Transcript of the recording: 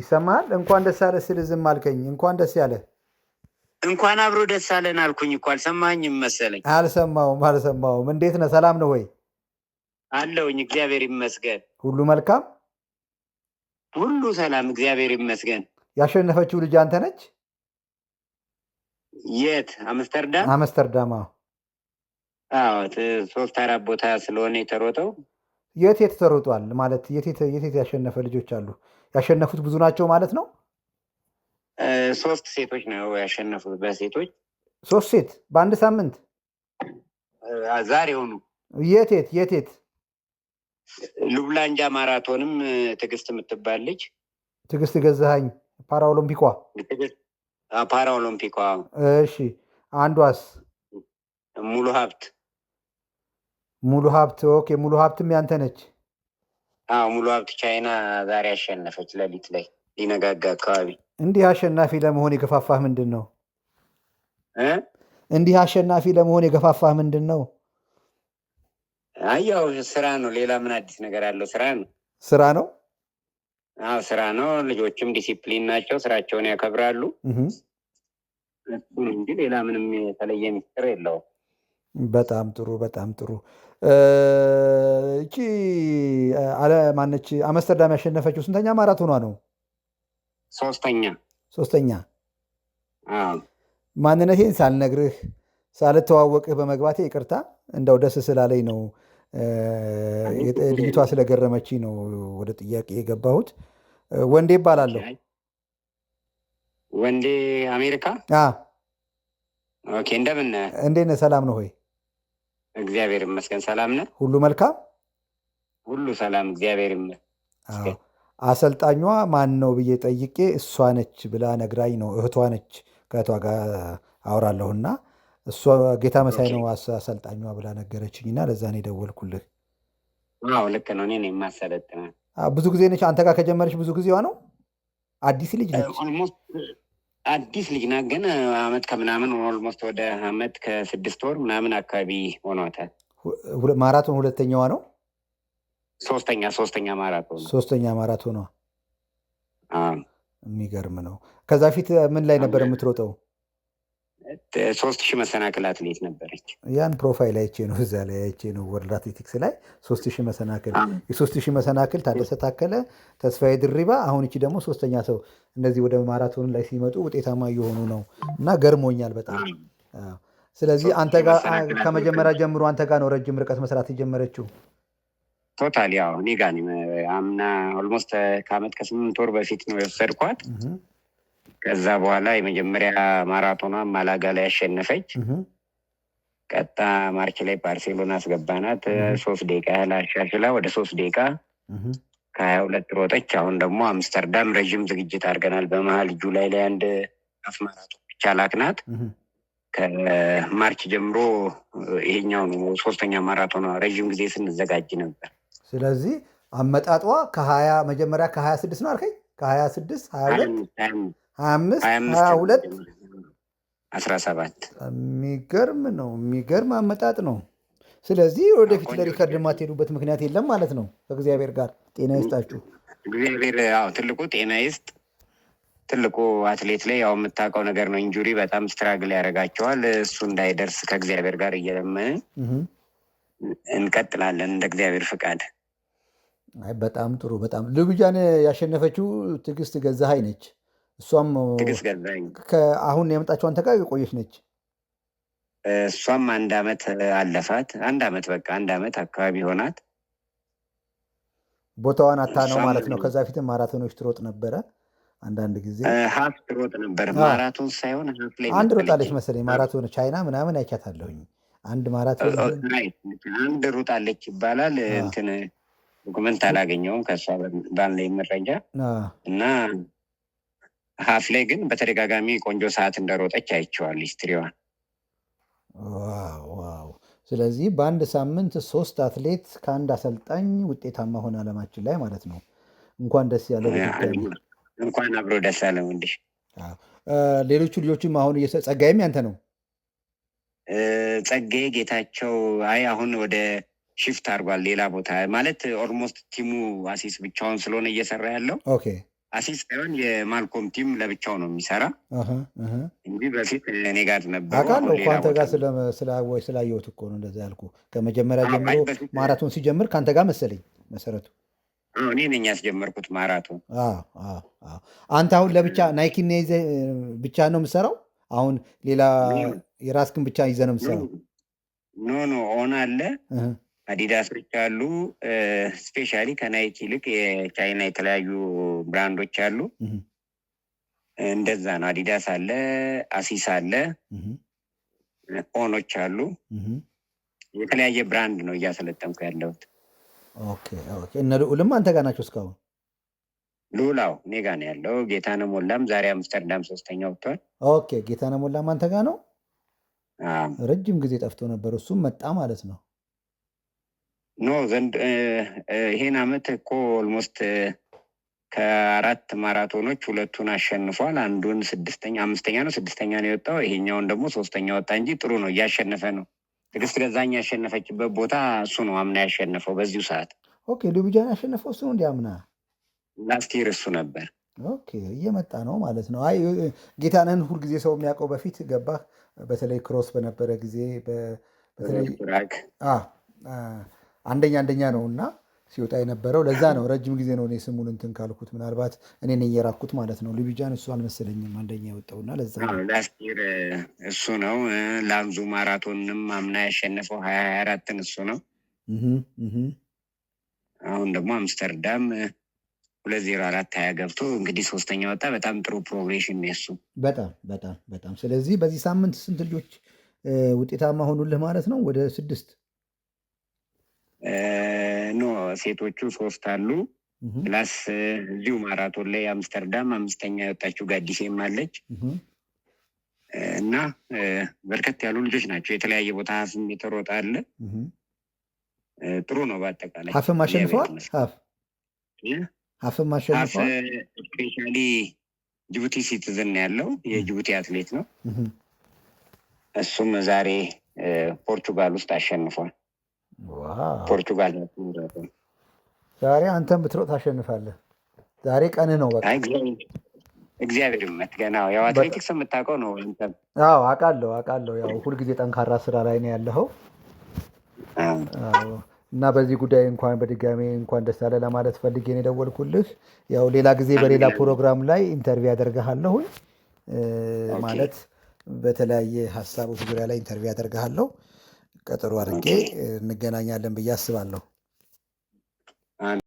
ይሰማል። እንኳን ደስ አለ ሲል ዝም አልከኝ። እንኳን ደስ ያለ እንኳን አብሮ ደስ አለን አልኩኝ እኮ አልሰማኝም መሰለኝ። አልሰማውም አልሰማውም። እንዴት ነህ? ሰላም ነው ወይ? አለውኝ እግዚአብሔር ይመስገን። ሁሉ መልካም፣ ሁሉ ሰላም፣ እግዚአብሔር ይመስገን። ያሸነፈችው ልጅ አንተ ነች? የት? አምስተርዳም። አምስተርዳም። አዎ፣ ሶስት አራት ቦታ ስለሆነ የተሮጠው። የት የት ተሮጧል? ማለት የት የት ያሸነፈ ልጆች አሉ? ያሸነፉት ብዙ ናቸው ማለት ነው። ሶስት ሴቶች ነው ያሸነፉት በሴቶች ሶስት ሴት በአንድ ሳምንት ዛሬውኑ። የቴት የቴት ሉብላንጃ ማራቶንም ትዕግስት የምትባል ልጅ ትዕግስት ገዛኸኝ ፓራ ኦሎምፒኳ ፓራ ኦሎምፒኳ። እሺ አንዷስ ሙሉ ሀብት ሙሉ ሀብት ኦኬ። ሙሉ ሀብትም ያንተ ነች። አዎ ሙሉ ሀብት ቻይና ዛሬ አሸነፈች። ሌሊት ላይ ሊነጋጋ አካባቢ። እንዲህ አሸናፊ ለመሆን የገፋፋህ ምንድን ነው? እንዲህ አሸናፊ ለመሆን የገፋፋህ ምንድን ነው? አያው ስራ ነው። ሌላ ምን አዲስ ነገር አለው? ስራ ነው። ስራ ነው። አዎ ስራ ነው። ልጆችም ዲሲፕሊን ናቸው፣ ስራቸውን ያከብራሉ። እሱን እንጂ ሌላ ምንም የተለየ ሚስጥር የለውም። በጣም ጥሩ በጣም ጥሩ። እቺ ማነች አምስተርዳም ያሸነፈችው ስንተኛ ማራቶኗ ነው? ሶስተኛ ሶስተኛ። ማንነቴን ሳልነግርህ ሳልተዋወቅህ በመግባቴ ይቅርታ፣ እንደው ደስ ስላለኝ ነው። ልጅቷ ስለገረመች ነው ወደ ጥያቄ የገባሁት። ወንዴ ይባላለሁ። ወንዴ አሜሪካ። እንደምን እንዴት ነህ? ሰላም ነው ሆይ እግዚአብሔር ይመስገን። ሰላም ነህ? ሁሉ መልካም፣ ሁሉ ሰላም፣ እግዚአብሔር ይመስገን። አሰልጣኟ ማን ነው ብዬ ጠይቄ እሷ ነች ብላ ነግራኝ ነው። እህቷ ነች፣ ከእህቷ ጋር አወራለሁና እሷ ጌታ መሳይ ነው አሰልጣኟ ብላ ነገረችኝና ለዛ ነው የደወልኩልህ። ልክ ነው፣ እኔ ነው ብዙ ጊዜ ነች አንተ ጋር ከጀመረች ብዙ ጊዜዋ ነው። አዲስ ልጅ ነች አዲስ ልጅ ናት፣ ግን አመት ከምናምን ኦልሞስት ወደ አመት ከስድስት ወር ምናምን አካባቢ ሆኗታል። ማራቶን ሁለተኛዋ ነው። ሶስተኛ ሶስተኛ ማራቶን ሶስተኛ ማራቶኗ የሚገርም ነው። ከዛ ፊት ምን ላይ ነበር የምትሮጠው? ሶስት ሺህ መሰናክል አትሌት ነበረች። ያን ፕሮፋይል አይቼ ነው እዛ ላይ አይቼ ነው ወርልድ አትሌቲክስ ላይ ሶስት ሺህ መሰናክል የሶስት ሺህ መሰናክል ታደሰ ታከለ፣ ተስፋዬ ድሪባ፣ አሁን እቺ ደግሞ ሶስተኛ ሰው እነዚህ ወደ ማራቶን ላይ ሲመጡ ውጤታማ እየሆኑ ነው እና ገርሞኛል በጣም ስለዚህ አንተ ጋር ከመጀመሪያ ጀምሮ አንተ ጋር ነው ረጅም ርቀት መስራት የጀመረችው? ቶታል ያው እኔ ጋር አምና ኦልሞስት ከአመት ከስምንት ወር በፊት ነው የወሰድኳት ከዛ በኋላ የመጀመሪያ ማራቶኗ ማላጋ ላይ ያሸነፈች። ቀጣ ማርች ላይ ባርሴሎና አስገባናት። ሶስት ደቂቃ ያህል አሻሽላ ወደ ሶስት ደቂቃ ከሀያ ሁለት ሮጠች። አሁን ደግሞ አምስተርዳም ረዥም ዝግጅት አድርገናል። በመሀል ጁላይ ላይ አንድ አፍ ማራቶን ብቻ ላክናት። ከማርች ጀምሮ ይሄኛው ነው ሶስተኛ ማራቶኗ። ረዥም ጊዜ ስንዘጋጅ ነበር። ስለዚህ አመጣጧ ከሀያ መጀመሪያ ከሀያ ስድስት ነው አልከኝ ከሀያ ስድስት ሀያ ሁለት ሀያ አምስት አስራ ሰባት የሚገርም ነው። የሚገርም አመጣጥ ነው። ስለዚህ ወደፊት ለሪከርድ የማትሄዱበት ምክንያት የለም ማለት ነው። ከእግዚአብሔር ጋር ጤና ይስጣችሁ። እግዚአብሔር ያው ትልቁ ጤና ይስጥ። ትልቁ አትሌት ላይ ያው የምታውቀው ነገር ነው። ኢንጁሪ በጣም ስትራግል ያደርጋቸዋል። እሱ እንዳይደርስ ከእግዚአብሔር ጋር እየለመን እንቀጥላለን እንደ እግዚአብሔር ፍቃድ። በጣም ጥሩ። በጣም ልብያን ያሸነፈችው ትዕግስት ገዛሀኝ ነች። እሷም አሁን አንተ ጋር የቆየች ነች። እሷም አንድ አመት አለፋት። አንድ አመት በቃ አንድ አመት አካባቢ ሆናት። ቦታዋን አታ ነው ማለት ነው። ከዛ ፊትም ማራቶኖች ትሮጥ ነበረ። አንዳንድ ጊዜ ሀፍ ትሮጥ ነበር። ማራቶን ሳይሆን ሀፍ አንድ ሮጣለች መሰለኝ። ማራቶን ቻይና ምናምን አይቻታለሁኝ። አንድ ማራቶን አንድ ሮጣለች ይባላል። እንትን ዶኩመንት አላገኘውም ከእሷ ባለኝ መረጃ እና ሀፍ ላይ ግን በተደጋጋሚ ቆንጆ ሰዓት እንደሮጠች አይቸዋል ሂስትሪዋን። ዋው! ስለዚህ በአንድ ሳምንት ሶስት አትሌት ከአንድ አሰልጣኝ ውጤታማ ሆነ አለማችን ላይ ማለት ነው። እንኳን ደስ ያለው። እንኳን አብሮ ደስ አለው። እንዲህ ሌሎቹ ልጆችም አሁን ጸጋይም ያንተ ነው። ጸጋዬ ጌታቸው አይ አሁን ወደ ሽፍት አድርጓል ሌላ ቦታ ማለት ኦልሞስት ቲሙ አሲስ ብቻውን ስለሆነ እየሰራ ያለው ኦኬ አሲስ ሳይሆን የማልኮም ቲም ለብቻው ነው የሚሰራ እንጂ በፊት እኔ ጋር ነበረ። አውቃለሁ እኮ አንተ ጋር ስላየሁት እኮ ነው እንደዛ ያልኩ። ከመጀመሪያ ጀምሮ ማራቶን ሲጀምር ከአንተ ጋር መሰለኝ መሰረቱ እኔ ነኝ ያስጀመርኩት ማራቶን። አንተ አሁን ለብቻ ናይኪ ይዘህ ብቻ ነው የምሰራው? አሁን ሌላ የራስክን ብቻ ይዘ ነው የምሰራው? ኖ ኖ ሆን አለ አዲዳሶች አሉ። ስፔሻሊ ከናይክ ይልቅ የቻይና የተለያዩ ብራንዶች አሉ። እንደዛ ነው። አዲዳስ አለ፣ አሲስ አለ፣ ኦኖች አሉ። የተለያየ ብራንድ ነው እያሰለጠምኩ ያለሁት። እነ ልዑልም አንተ ጋ ናቸው እስካሁን? ልዑላው እኔ ጋ ነው ያለው። ጌታነህ ሞላም ዛሬ አምስተርዳም ሶስተኛ ወጥቷል። ኦኬ ጌታነህ ሞላም አንተ ጋ ነው? ረጅም ጊዜ ጠፍቶ ነበር፣ እሱም መጣ ማለት ነው። ኖ ዘንድ ይሄን አመት እኮ ኦልሞስት ከአራት ማራቶኖች ሁለቱን አሸንፏል። አንዱን ስድስተኛ አምስተኛ ነው ስድስተኛ ነው የወጣው። ይሄኛውን ደግሞ ሶስተኛ ወጣ እንጂ ጥሩ ነው እያሸነፈ ነው። ትግስት ገዛኝ ያሸነፈችበት ቦታ እሱ ነው አምና ያሸነፈው በዚሁ ሰዓት። ኦኬ ሉቢጃን ያሸነፈው እሱ ነው እንዲ አምና ላስቲር እሱ ነበር። ኦኬ እየመጣ ነው ማለት ነው። አይ ጌታነን ሁልጊዜ ሰው የሚያውቀው በፊት ገባህ፣ በተለይ ክሮስ በነበረ ጊዜ በተለይ አንደኛ አንደኛ ነው እና ሲወጣ የነበረው ለዛ ነው። ረጅም ጊዜ ነው እኔ ስሙን እንትን ካልኩት፣ ምናልባት እኔ ነኝ የራኩት ማለት ነው። ልቢጃን እሱ አልመሰለኝም አንደኛ የወጣውና ለዛ እሱ ነው። ላንዙ ማራቶንም አምና ያሸነፈው ሀያ ሀያ አራትን እሱ ነው። አሁን ደግሞ አምስተርዳም ሁለት ዜሮ አራት ሀያ ገብቶ እንግዲህ ሶስተኛ ወጣ። በጣም ጥሩ ፕሮግሬሽን ነው የሱ በጣም በጣም በጣም። ስለዚህ በዚህ ሳምንት ስንት ልጆች ውጤታማ ሆኑልህ ማለት ነው? ወደ ስድስት ኖ ሴቶቹ ሶስት አሉ። ፕላስ እዚሁ ማራቶን ላይ አምስተርዳም አምስተኛ የወጣችው ጋዲሴም አለች እና በርከት ያሉ ልጆች ናቸው። የተለያየ ቦታ ሀፍም የተሮጠ አለ። ጥሩ ነው። በአጠቃላይ ሀፍም አሸንፈዋል። ሀፍም አሸንፈዋል። ስፔሻሊ ጅቡቲ ሲቲዝን ያለው የጅቡቲ አትሌት ነው። እሱም ዛሬ ፖርቹጋል ውስጥ አሸንፏል። ፖርቱጋል ዛሬ አንተን ብትሮጥ ታሸንፋለህ። ዛሬ ቀን ነው። በቃ እግዚአብሔር ይመስገን። ያው አትሌቲክስ የምታውቀው ነው። አዎ አውቃለሁ፣ አውቃለሁ። ያው ሁልጊዜ ጠንካራ ስራ ላይ ነው ያለኸው እና በዚህ ጉዳይ እንኳን በድጋሜ እንኳን ደስ ያለ ለማለት ፈልጌ ነው የደወልኩልህ። ያው ሌላ ጊዜ በሌላ ፕሮግራም ላይ ኢንተርቪው ያደርግሃለሁኝ ማለት በተለያየ ሀሳቦች ዙሪያ ላይ ኢንተርቪው ያደርግሃለሁ። ቀጠሮ አድርጌ እንገናኛለን ብዬ አስባለሁ።